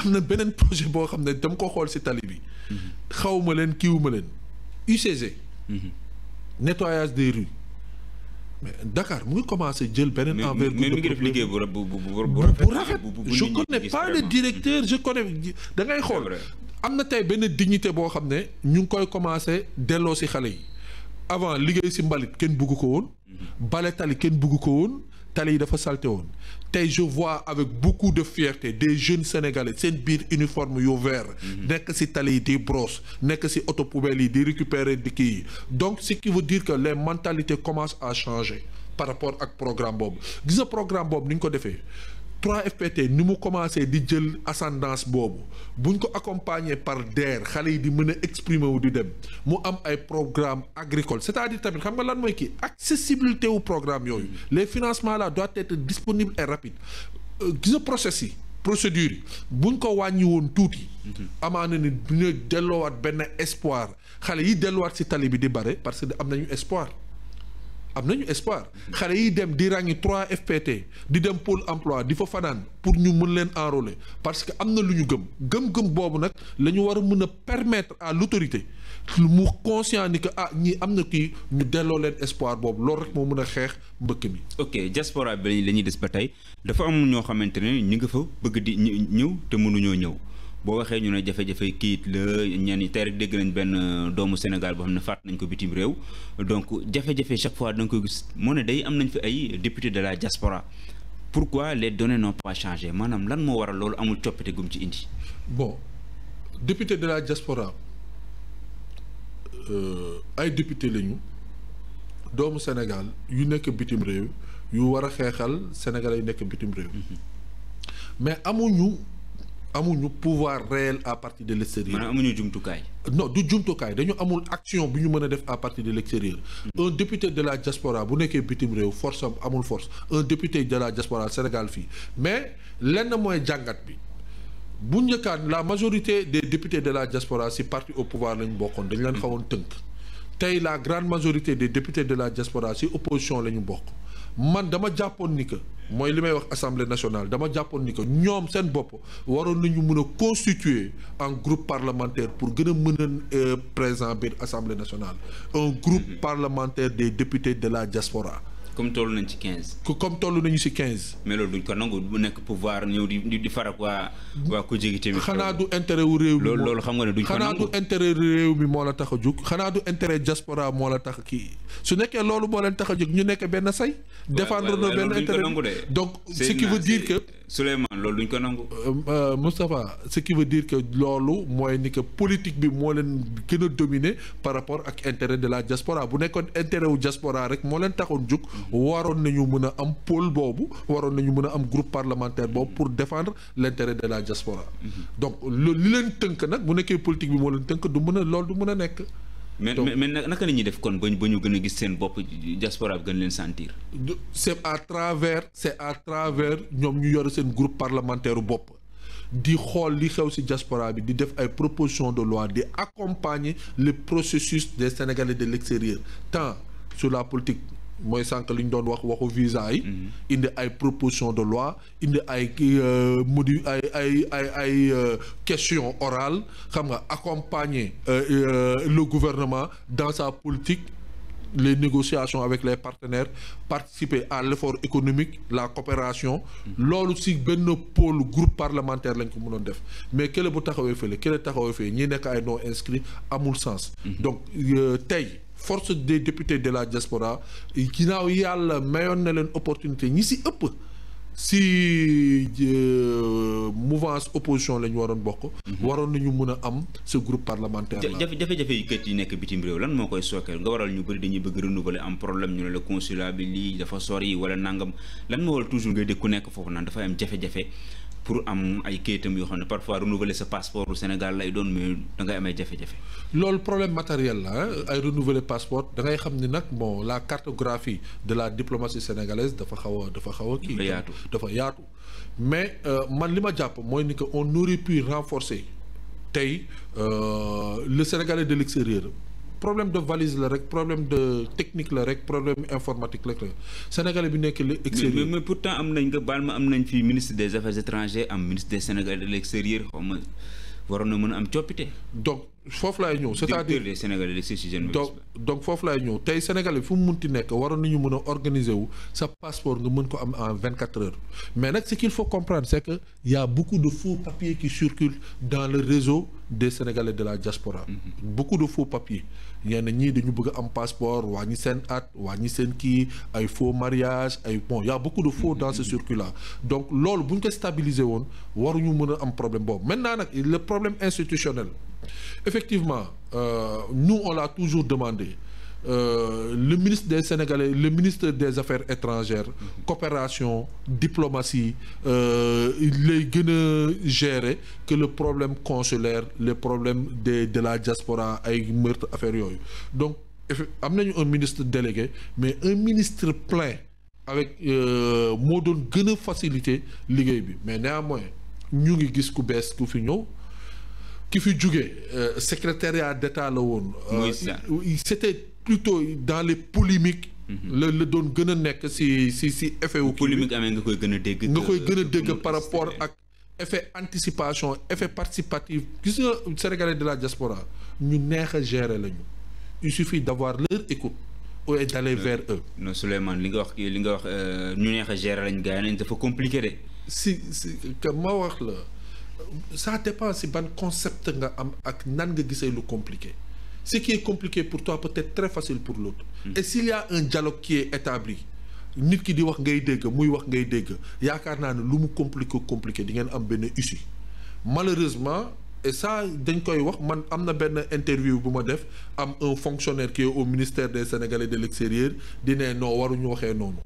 am na beneen projet boo xam ne dam ko xool si tali bi mhm. xawma leen kiiwuma leen UCG mhm. nettoyage des rues mais Dakar mu ngi commencé jël beneen. envers mais mi ngi def liggéey bu bu bu rafet. je connais pas le directeur je connais da ngay xool. am na tey benn dignité boo xam ne ñu ngi koy commencé delloo si xale yi avant liggéey si mbalit kenn bugg ko woon. Mhm. bale tali kenn bugg ko woon. tali yi dafa salté woon tey je vois avec beaucoup de fierté des jeunes sénégalais seen biir uniforme yu vert mhm. nekk ci tali yi di brosse nekk ci auto poubelle yi di récupérer di kii donc ce qui veut dire que les mentalités commencent à changer par rapport ak programme boobu gis nga programme boobu ni ñu ko defee 3FPT ni mu commencé di jël ascendance boobu buñ ko accompagner par DER xale yi di mën a exprimer wu di dem mu am ay programme agricole c'est-à-dire tamit xam nga lan mooy kii accessibilité wu programme yooyu les financement là doivent être disponibles et rapides euh, gis process yi buñ ko wàññi woon tuuti amaana ni dina delluwaat benn espoir xale yi delluwaat ci tali bi di bare parce que am nañu espoir am nañu espoir xale yi dem di ràññi 3 FPT di dem pôle emploi di fa fanaan pour ñu mën leen enrôler parce que am na lu ñu gëm gëm-gëm boobu nag la ñu war a mën a permettre à l'autorité mu conscient ni que ah ñii am na kii ñu delloo leen espoir boobu loolu rek moo mën a xeex mbëkk bi ok diaspora bi la ñuy des ba tey dafa amul ñoo xamante ne ñu ngi fa bëgg di ñëw te mënuñoo ñëw. boo waxee ñu ne jafe-jafe kiit la ñenn ñi tey rek nañ benn euh, doomu Sénégal boo xam ne faat nañ ko bitim réew donc jafe-jafe chaque fois danga ko gis moo ne day am nañ fi ay député de la diaspora pourquoi les données n'ont changé maanaam lan moo waral loolu amul coppite gum ci indi. bon de la diaspora euh, ay député lañu doomu Sénégal yu nekk bitim réew yu war a xeexal sénégalais yu nekk bitim réew mm-hmm. mais amuñu. amuñu pouvoir réel à partir de l'extérieur. maanaam amuñu jumtukaay. non du jumtukaay dañu amul action bu ñu mën a def à parti de l'extérieur. un député de la diaspora bu nekkee bitim réew force amul force un député de la diaspora Sénégal fii mais lenn mooy jàngat bi. bu njëkkaat la majorité des députés de la diaspora ci parti au pouvoir lañu bokkoon dañ leen xawoon tënk tey la grande majorité des députés de la diaspora ci opposition lañu bokk. man dama jàppoon ni que mooy li may wax assemblée nationale dama jàppoon ni que ñoom seen bopp waroon nañu mën a constituer en groupe parlementaire pour gën a mën a euh, présent biir assemblée nationale un groupe mm-hmm. parlementaire des député de la diaspora comme toll nañ ci quinze. comme toll nañu si quinze. mais loolu duñ ko nangu bu nekk pouvoir ñëw di di farak waa waa jege tamit. xanaa du intérêt wu réew mi loolu xam nga ne duñ ko nangu xanaa du mi moo la tax a jóg xanaa du intérêt diaspora moo la tax kii su nekkee loolu moo leen tax a jóg ñu nekk benn say. défendre na benn intérêt donc ce qui veut dire que. Souleymane loolu duñ ko nangu. Euh, euh, Moustapha ce qui veut dire que loolu mooy ni que politique bi moo leen gën a dominer par rapport ak intérêt de la jaspora bu nekkoon intérêt wu diaspora rek moo leen taxoon jug waroon nañu mën a am pôle boobu waroon nañu mën a am groupe parlementaire boobu pour défendre l' intérêt de la diaspora. Mhm. donc li leen tënk nag bu nekkee politique bi moo leen tënk du mën a loolu du mën a nekk. mais mais naka la ñuy def kon ba ñu ba ñu gën a gis seen bopp diaspora bi gën leen sentir. c'est à travers c'est à travers ñoom ñu yore seen groupe parlementaire bopp di xool li xew ci diaspora bi di def ay proposition de loi di accompagner le processus des Sénégalais de l'extérieur tant sur la politique. mooy sànq li ñu doon wax waxu visa yi. Mm-hmm. indi ay proposition de loi indi ay kii euh, modi ay ay ay ay euh, question orale xam nga accompagner euh, le gouvernement dans sa politique. les négociations avec les partenaires participer à l'effort économique la coopération mm-hmm. loolu si benn pôle groupe parlementaire lañ ko mënoon def mais kële bu taxawee fële kële taxawee fële ñi nekk ay non inscrits amul sens mm-hmm. donc tey force des députés de la diaspora ginnaaw yàlla mayoon na leen opportunité ñi si ëpp si euh, mouvance opposition la ñu waroon bokk. Mhm. waroon nañu mën a am ce groupe parlementaire la. jafe-jafe yi kët yi nekk bitim réew lan moo koy sookeel nga waral ñu bëri dañuy bëgg renouveler am problème ñu ne la consulat bi lii dafa sori wala nangam lan moo waral toujours ngay dégg ku nekk foofu naan dafa am jafe-jafe. pour am ay kayitam yoo xam ne parfois renouveler sa passeport au Sénégal lay doon mais da ngay am ay jafe-jafe. loolu problème matériel la ay renouveler passeport da ngay xam ni nag bon la cartographie de la diplomatie sénégalaise dafa xaw dafa xaw a. kii dafa yaatu mais euh, man li ma jàpp mooy ni que on aurait pu renforcer tey euh, le Sénégalais de l'extérieur problème de valise la rek problème de technique la rek problème informatique la rek sénégalais bi nekk la extérieur mais pourtant am nañ nga baal ma am nañ fii ministre des affaires étrangères am ministre des sénégalais de l'extérieur xaw ma waroon na mën a am coppite. donc foofu laay ñëw c'est-à-dire des sénégalais donc donc foofu laay ñëw tey sénégalais fu mu munti nekk waroon nañu mën a organiser wu sa passeport nga mën ko am en vingt quatre heures mais nag ce qu'il faut comprendre c'est que y a beaucoup de faux papiers qui circulent dans le réseau des sénégalais de la diaspora. Mm-hmm. beaucoup de faux papiers ñenn ñii dañu bëgg a am passeport wàññi seen at wàññi seen kii ay faux mariage ay bon y' a beaucoup de faux dans ce circuit là donc loolu bu ñu ko stabiliser woon waruñu mën a am problème boobu maintenant nag le problème institutionnel effectivement euh, nous on l'a toujours demandé Euh, le ministre des Sénégalais le ministre des affaires étrangères mhm. coopération diplomatie euh, lay gën a gérer que le problème consulaire les problèmes de de la diaspora ay meurtre affaire yooyu donc am nañu un ministre délégué mais un ministre plein avec euh, moo doon gën a faciliter liggéey bi mais néanmoins ñu ngi gis ku bees ku fi ñëw ki fi jóge secrétariat d'état la woon c'était plutôt dans les polémiques. Mhm. la la doon gën a nekk si si si effet wu. polémique amee nga koy gën a dégg. nga koy euh, gën a dégg par rapport ak. effet anticipation effet participatif gis nga sénégalais de la diaspora ñu neex a gérer lañu il suffit d'avoir leur écoute et d'aller vers eux. non Souleymane li nga wax li nga wax euh, ñu neex a gérer lañu gars yi nañ dafa compliqué de. si si que ma wax la ça dépend si ban concept nga am ak nan nga gisee lu compliqué. ce qui est compliqué pour toi peut être très facile pour l'autre hmm. et s'il un dialogue qui est établi nit ki di wax ngay dégg muy wax ngay dégg yaakaar naa ne lu mu compliqué compliqué di ngeen am benn issue malheureusement et dañ koy wax man am na benn interview bu ma def am un fonctionnaire qui au ministère des Sénégalais de l'extérieur di ne non waruñu waxee noonu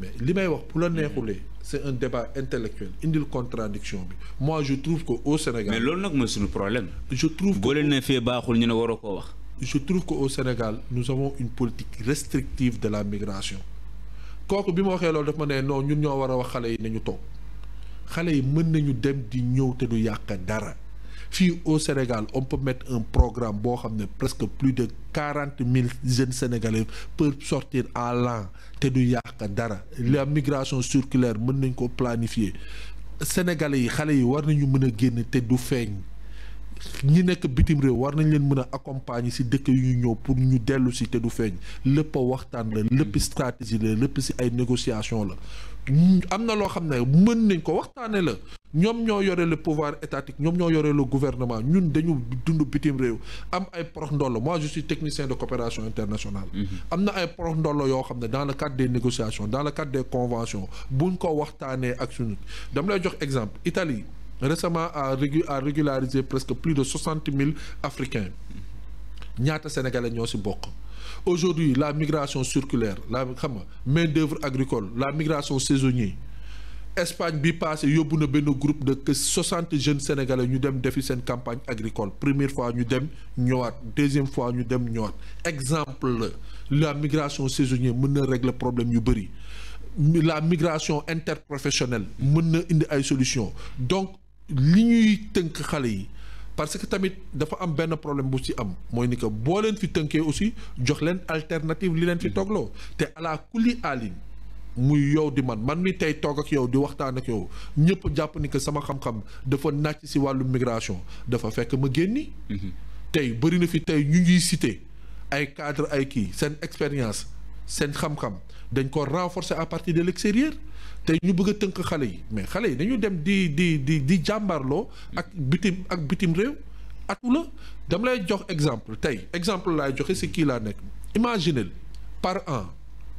mais li may wax bu la hmm. neexulee c'est un débat intellectuel indil contradiction bi moi je trouve que au Sénégal. mais loolu nag mooy suñu problème. je trouve boo leen ne fee baaxul ñu ne waroo koo wax. je trouve que au Sénégal nous avons une politique restrictive de la migration kooku bi ma waxee loolu dafa ma ne non ñun ñoo war a wax xale yi nañu toog xale yi mën nañu dem di ñëw te du yàq dara. fii au Sénégal on peut mettre un programme boo xam ne presque plus de quarante mille jeunes sénégalais peuvent sortir à l'an te du yàq dara la migration circulaire mën nañ ko planifier sénégalais yi xale yi war nañu mën a génn te du feeñ ñi nekk bitim réew war nañ leen mën a accompagner ci dëkk yu ñu ñëw pour ñu dellu ci te du feeñ lépp waxtaan la lépp stratégie la lépp ci ay négociation la am na loo xam ne mën nañ ko waxtaane la ñoom ñoo yore le pouvoir étatique ñoom ñoo yore le gouvernement ñun dañu dund bitim réew am ay prox ndollo moi je technicien de coopération internationale mhm. am na ay prox ndollo yoo xam ne dans le cadre des négociations dans le cadre des conventions buñ ko waxtaanee ak suñu dama lay jox exemple Italie récemment a régu a régularisé presque plus de soixante mille africains ñaata sénégalais ñoo ci bokk aujourd'hui la migration circulaire la xam nga main d'œuvre agricole la migration saisonnière Espagne bi passé yóbbu na benn groupe de soixante jeunes sénégalais ñu dem defi seen campagne agricole première fois ñu dem ñëwaat deuxième fois ñu dem ñëwaat exemple la migration saisonnière mën na régler problème yu bëri la migration interprofessionnelle mën na indi ay solution donc li ñuy tënk xale yi parce que tamit dafa am benn problème bu ci am mooy ni booleen fi tënkee aussi jox leen alternative li leen fi mm-hmm. toogloo te ala kulli alin muy yow di man man mi tey toog ak yow di waxtaan ak yow ñëpp jàpp ni que sama xam-xam dafa nàcc si wàllu migration dafa fekk ma génni mm-hmm. tey bëri na fi tey ñu ngi cité ay cadre ay kii seen expérience seen xam-xam dañ ko renforcer à partir de l'extérieur tey ñu bëgg a tënk xale yi mais xale yi dañu dem di di di di jàmbaarloo ak bitim ak bitim réew atu la lay jox exemple tey exemple laay joxe si kii laa nekk imaginez par an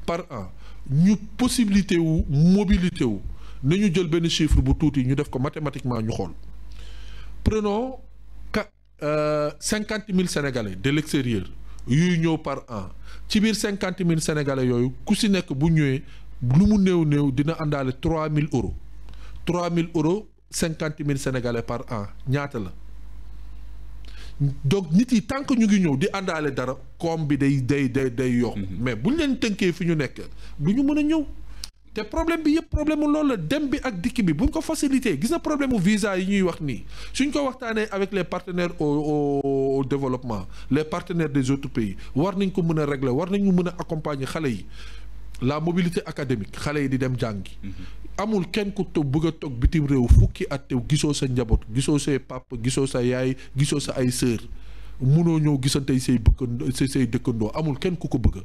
par an ñu possibilité wu mobilité wu na jël benn chiffre bu tuuti ñu def ko mathématiquement ñu xool prenons ka euh, cinquante mille sénégalais de l'extérieur yuy ñëw par an ci biir cinquante mille sénégalais yooyu ku si nekk bu ñëwee lu mu néew néew dina àndaale trois mille euro trois mille euros cinquante mille sénégalais par an ñaata la donc nit yi tant que ñu ngi ñëw di àndaale dara koom bi day day day day yokk mhm. mais bu ñu leen tënkee fi ñu nekk du ñu mën a ñëw te problème bi yëpp problème mu loolu la dem bi ak dikk bi bu ko facilité gis na problème mu visa yi ñuy wax nii suñ ko waxtaanee avec les partenaires au développement les partenaires des autres pays war nañ ko mën a régler war nañu mën a accompagner xale yi la mobilité académique xale yi di dem gi mm-hmm. amul kenn ku toog bëgg a toog bitim réew fukki at te gisoo sa njaboot gisoo see papa gisoo sa yaay gisoo sa ay sœur munoo ñëw gisantey say bëkkandoo say dëkkandoo amul kenn ku ko bëgg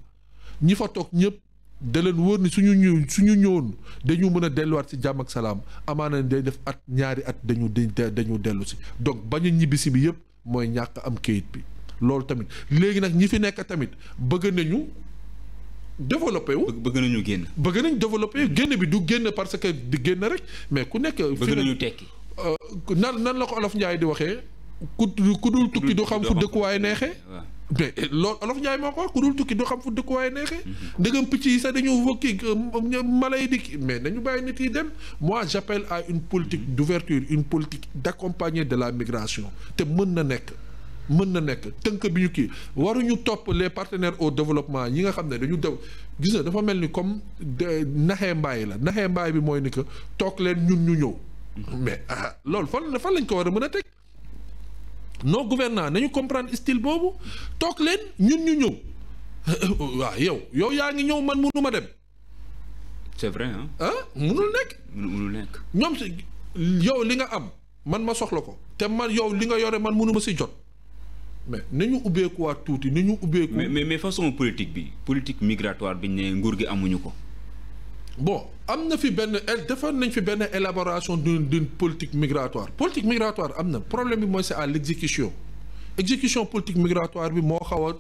ñi fa toog ñëpp da leen wóor suñu ñëw suñu ñëwoon dañu mën a delluwaat si jàmm ak salaam amaana day def at ñaari at dañu dañu dellu si donc bañ a ñibbisi bi yëpp mooy ñàkk am kayit bi loolu tamit léegi nag ñi fi nekk tamit bëgg nañu développé wu. bëgg nañu génn. bëgg nañ développé génn bi du génn parce que di génn rek mais ku nekk. bëgg nañu tekki. Euh, nan nan la ko Olof Ndiaye di waxee. ku ku dul tukki du xam fu dëkkuwaay neexee. mais loolu Olof Ndiaye moo ko ku dul tukki du xam fu dëkkuwaay neexee. Mhm. ndegam picc yi sax dañu wëkki euh, mala yi di kii mais nañu bàyyi nit yi dem mois j'appelle à une politique d'ouverture une politique d'accompagner de la migration te mën na nekk. mën na nekk tënk bi ñu kii waruñu topp les partenaires au développement yi nga xam ne dañu dew gis na dafa mel ni comme naxe mbaay la naxee mbaay bi mooy ni que toog leen ñun ñu ñëw mais ah loolu fan fan lañ ko war a mën a teg nos gouvernants nañu comprendre style boobu toog leen ñun ñu ñëw waaw yow yow yaa ngi ñëw man mënu ma dem. c'est vrai ah mënul nekk. mënul nekk. ñoom si yow li nga am man ma soxla ko te man yow li nga yore man mënu ma si jot. mais ni ñu ubbeekuwaat tuuti ni ñu ubbeeku. mais mais mais façon politique bi politique migratoire bi ne nguur gi amuñu ko. bon am na fi benn defar nañ fi benn élaboration d'une d'une politique migratoire politique migratoire am na problème bi mooy c'est à l'exécution exécution politique migratoire bi moo xaw a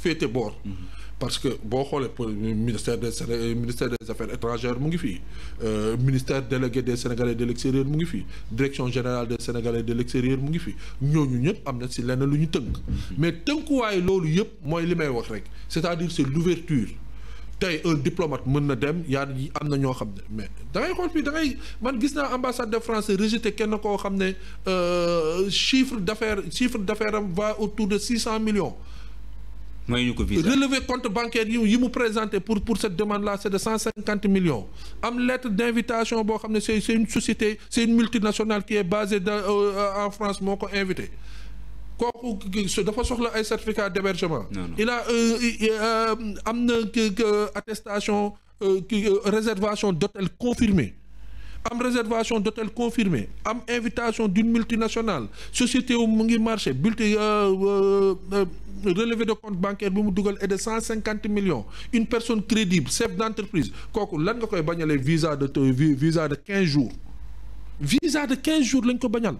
féete boor. Mm-hmm. parce que boo xoolee ministère des euh, ministère des affaires étrangères mu ngi fii euh, ministère délégué des sénégalais de l'extérieur mu ngi fii direction générale des sénégalais de l'extérieur mu ngi fii ñooñu ñëpp am na si lenn lu ñu tënk mais tënkuwaay loolu yëpp mooy li may wax rek c'est-à-dire c'est l'ouverture tey un diplomate mën na dem yaa am na ñoo xam ne mais da ngay xool fii da man gis naa ambassade de France rejeté kenn koo xam ne euh, chiffre d'affaires chiffre d'affaires am va autour de six cent millions mayuñu ko visa relevé compte bancaire yi yi mu présenté pour pour cette demande là c' de millions am lettre d' invitation boo xam ne c' est c' est une société c' est une multinationale qui est basée euh, en France moo ko invité kooku dafa soxla ay certificat d' hébergement il a euh, euh, am na attestation réservation d' hôtel confirmée am réservation d' hôtel am invitation d'une multinationale société wu mu ngi marché bulletin relevé de compte bancaire bi mu dugal est de cent cinquante millions une personne crédible chef d'entreprise kooku lan nga koy bañalee visa de visa de quinze jours visa de quinze jours lañ ko bañal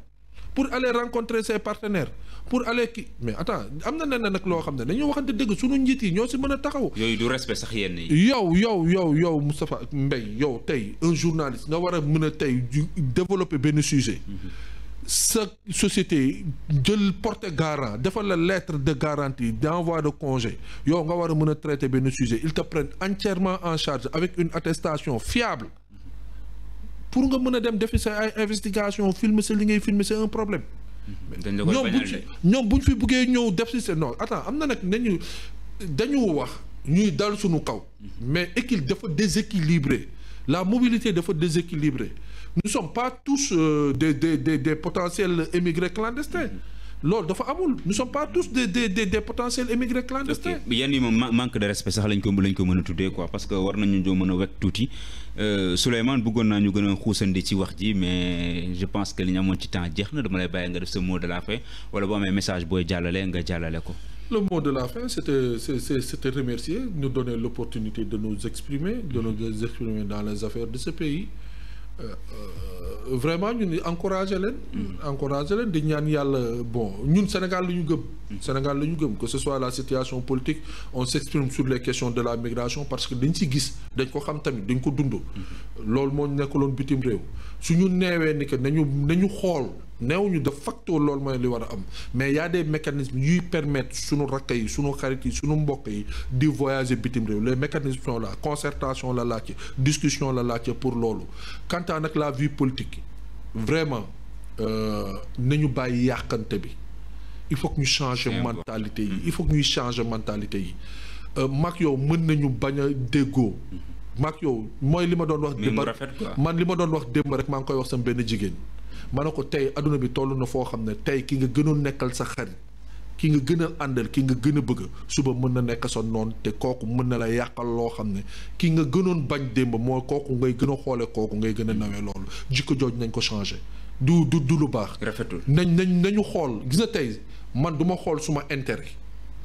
pour aller rencontrer ses partenaires pour aller kii mais attends am na lenn nag loo xam ne dañoo waxante dëgg suñu njiit yi ñoo si mën a taxaw. yooyu du respect sax yenn yi. yow yow yow yow Moustapha Mbaye yow tey un journaliste nga war a mën a tey développer benn sujet. Mm-hmm. sa société jël porte garant defal la lettre de garantie d'envoi de congé yow nga war a mën a traiter benn sujet ils te prennent entièrement en charge avec une attestation fiable pour nga mën a dem defi sa ay investigation film li ngay filmer c'est un problème ñoom buñ fi ñoom buñ fi buggee ñëw def si seen non attends am na nag nañu dañu wax ñuy dal suñu kaw mais équile dafa déséquilibré la mobilité dafa déséquilibré nous ne sommes pas tous euh, des des des des potentiels émigrés loolu dafa amul nous ne sommes pas tous des des des, des potentiels émigrés clandestins. ok manque de respect sax lañ ko lañ ko mën a tuddee quoi parce que war nañu joo mën a wekk tuuti euh, Souleymane bëggoon naa ñu gën a xuusandi ci wax ji mais je pense que li ñu ci temps jeex na dama lay bàyyi nga def sa mot de la fin wala boo amee message booy jàllale nga jàllale ko. le mot de la fin c'était c'était c'était Euh, euh, vraiment ñu ni encouragé leen. Mm. encouragé leen di ñaan yàlla bon ñun Sénégal lu ñu gëm. Mm. Sénégal lu ñu gëm que ce soit la situation politique on s'exprime sur les questions de la migration parce que dañ si gis dañ ko xam tamit dañ ko dund. Mm-hmm. loolu moo nekkaloon bitim réew su ñu neewee ni que nañu nañu xool. neewuñu de facto loolu mooy li war a am mais y a des mécanismes yuy permettre suñu rakk yi suñu xarit yi suñu mbokk yi di voyager bitim réew les mécanismes sont là concertation la laajte discussion la laajte pour loolu quant à nag la vie politique vraiment euh, nañu bàyyi yàqante bi il faut ñu changer mentalité yi mm-hmm. il faut que ñuy changer mentalité yi euh, mag yow mën nañu bañ a déggoo mm-hmm. mag yow mooy li ma doon wax démb man li ma doon wax démb rek maa ngi koy wax sama benn jigéen ma ne ko tey adduna bi toll na foo xam ne tey ki nga gënoon nekkal sa xarit ki nga gën a àndal ki nga gën a bëgg suba mën na nekk sa noon te kooku mën na la yàqal loo xam ne ki nga gënoon bañ démb moo kooku ngay gën a xoole kooku ngay gën a nawee loolu jikko jooj nañ ko changé du du lu baax. rafetul nañ nañ nañu xool gis tey man du ma xool suma intérêt.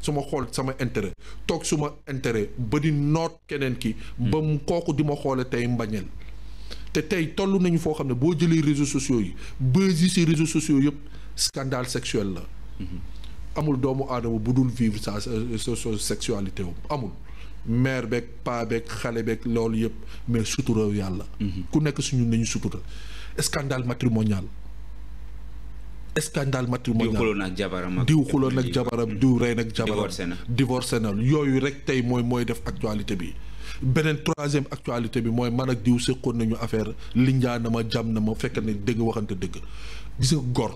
su ma xool sama intérêt toog suma intérêt ba di noot keneen ki. ba kooku di ma xoole tey mbañeel. te tey toll nañu foo xam ne boo jëlee réseaux sociaux yi buzz yi si réseaux sociaux yëpp scandale sexuel la mm-hmm. amul doomu aadama bu dul vivre sa sa sexualité wu amul maire beek paa beeg xale beek loolu yëpp mais sutura yàlla mm-hmm. ku nekk suñu nañu sutura scandale matrimonial scandale matrimonial diw xuloon ak jabaram diw xuloon ak jabaram diw rey nag jabaram divorcé na yooyu rek tey mooy mooy def actualité bi beneen troisième actualité bi mooy man ak diw séqoon nañu affaire linjaa na ma jàmm na ma fekk ne dëgg waxante dëgg gis gor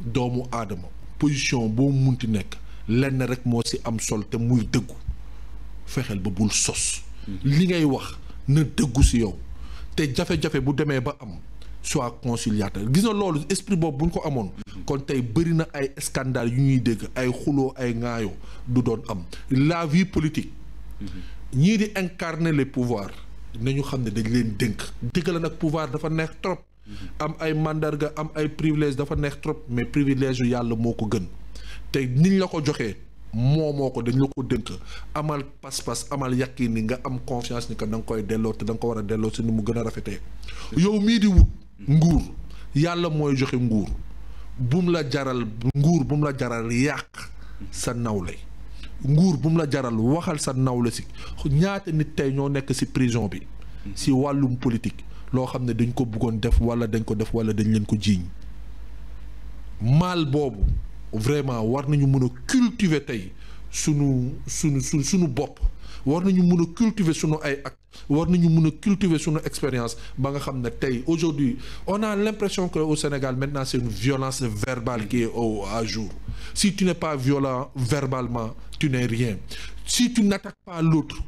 doomu aadama position boo munti nekk lenn rek moo ci am sol te muy dëggu fexeel ba bul sos hmm. li ngay wax na dëggu ci yow te jafe-jafe bu demee ba am soit conciliateur gis na loolu esprit boobu buñ ko amoon hmm. kon tey bëri na ay scandale yu ñuy dégg ay xuloo ay ŋaayoo du doon am la vie politique hmm. ñii di incarner le pouvoir ñu xam ne dañ leen dénk dëgg la nag pouvoir dafa neex trop mm-hmm. am ay mandarga am ay privilège dafa neex trop mais privilège yu yàlla moo ko gën te niñ la ko joxee moo moo ko dañ la ko dënk amal pas-pas amal yàqin ni nga am confiance ni que danga koy delloo te da ko war a delloo si mu gën a rafetee yow mii di wut mm-hmm. nguur yàlla mooy joxe nguur bum la jaral nguur bum la jaral yàq sa nawle nguur bu mu la jaral waxal sa nawle si ñaata nit tey ñoo nekk si prison bi si wàllum politique loo xam ne dañ ko bëggoon def wala dañ ko def wala dañ leen ko jiiñ mal boobu vraiment war nañu mën a tey sunu sunu su suñu bopp war nañu mën a cultiver sunu ay ak war nañu mun a cultiver suñu expérience ba nga xam ne tey aujourd'hui on a l'impression que au Sénégal maintenant c'est une violence verbale qui est au à jour si tu n'es pas violent verbalement tu n'es rien si tu n'attaques pas l'autre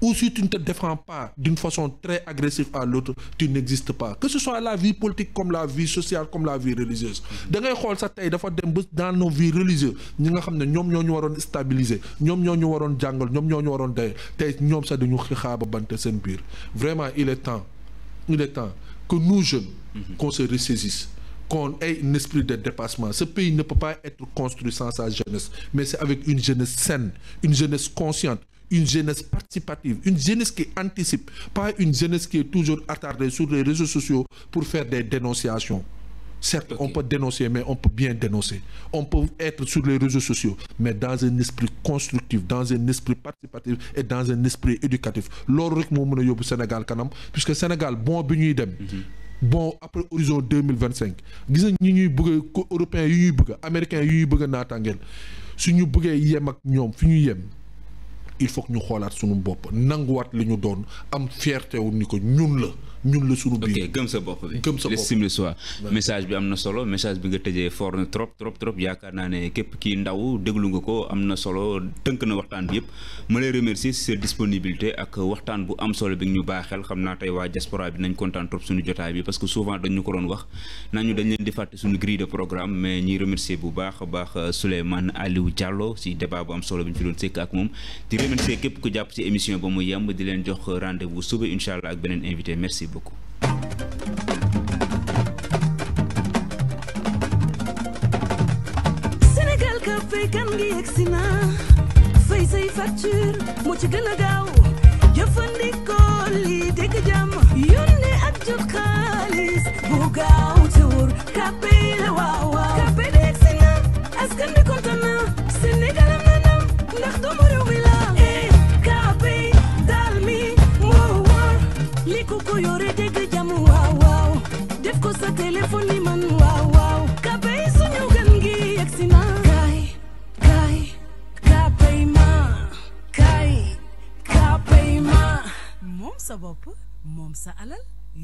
ou si tu ne te défends pas d'une façon très agressive à l'autre tu n'existes pas que ce soit la vie politique comme la vie sociale comme la vie religieuse da xool sax tey dafa dem ba dans nos vies religieuses ñi nga xam ne ñoom ñoo ñu waroon stabiliser ñoom ñoo ñu waroon jàngal ñoom ñoo ñu waroon day tey ñoom sax dañu xixaaba bante seen biir vraiment il est temps il est temps que nous jeunes mhm. qu'on se ressaisisse qu'on ait un esprit de dépassement ce pays ne peut pas être une jeunesse saine une jeunesse consciente une jeunesse participative, une jeunesse qui anticipe, pas une jeunesse qui est toujours attardée sur les réseaux sociaux pour faire des dénonciations. Certes, okay. on peut dénoncer, mais on peut bien dénoncer. On peut être sur les réseaux sociaux, mais dans un esprit constructif, dans un esprit participatif et dans un esprit éducatif. loolu rek moo mën a yóbbu Sénégal kanam puisque Sénégal bon bi ñuy dem. Mhm. bon après horizon deux mille vingt cinq gis nañ ñuy bëgg européens yu ñuy bëgg américains yu ñuy bëgg a su ñu bëggee yem ak ñoom fi ñuy yem. il faut ñu xoolaat suñu bopp nanguwaat li ñu doon am fierté ni ko ñun la ñun la suñu biir. gëm sa bopp bi gëm sa bopp l'estime message bi am na solo message bi nga tëjee fort na trop trop trop yaakaar naa ne képp kii ndaw déglu nga ko am na solo tënk na waxtaan bi yëpp ma lay remercier si sa disponibilité ak waxtaan bu am solo bi ñu baaxel xam naa tey waa diaspora bi nañ kontaan trop suñu jotaay bi parce que souvent dañu ko doon wax nañu dañ leen di fàtte suñu grille de programme mais ñuy remercier bu baax a baax euh, Souleymane Aliou Diallo si débat bu am solo bi ñu fi doon ku jàpp si émission ba mu yemb di leen jox rendez-vous incha allah beneen invité merci beaucoup. Sénégal ka fay kan ngi yegsi na fay say facture moo ci gën a gaaw jëfandikoo lii dégg jàmm yónnee ak jot xaalis bu gaaw te wóor kàppee la